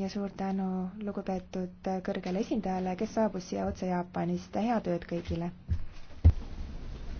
ja suur tänu lugupeetud kõrgele esindajale, kes saabus siia otse Jaapanist. head ööd kõigile!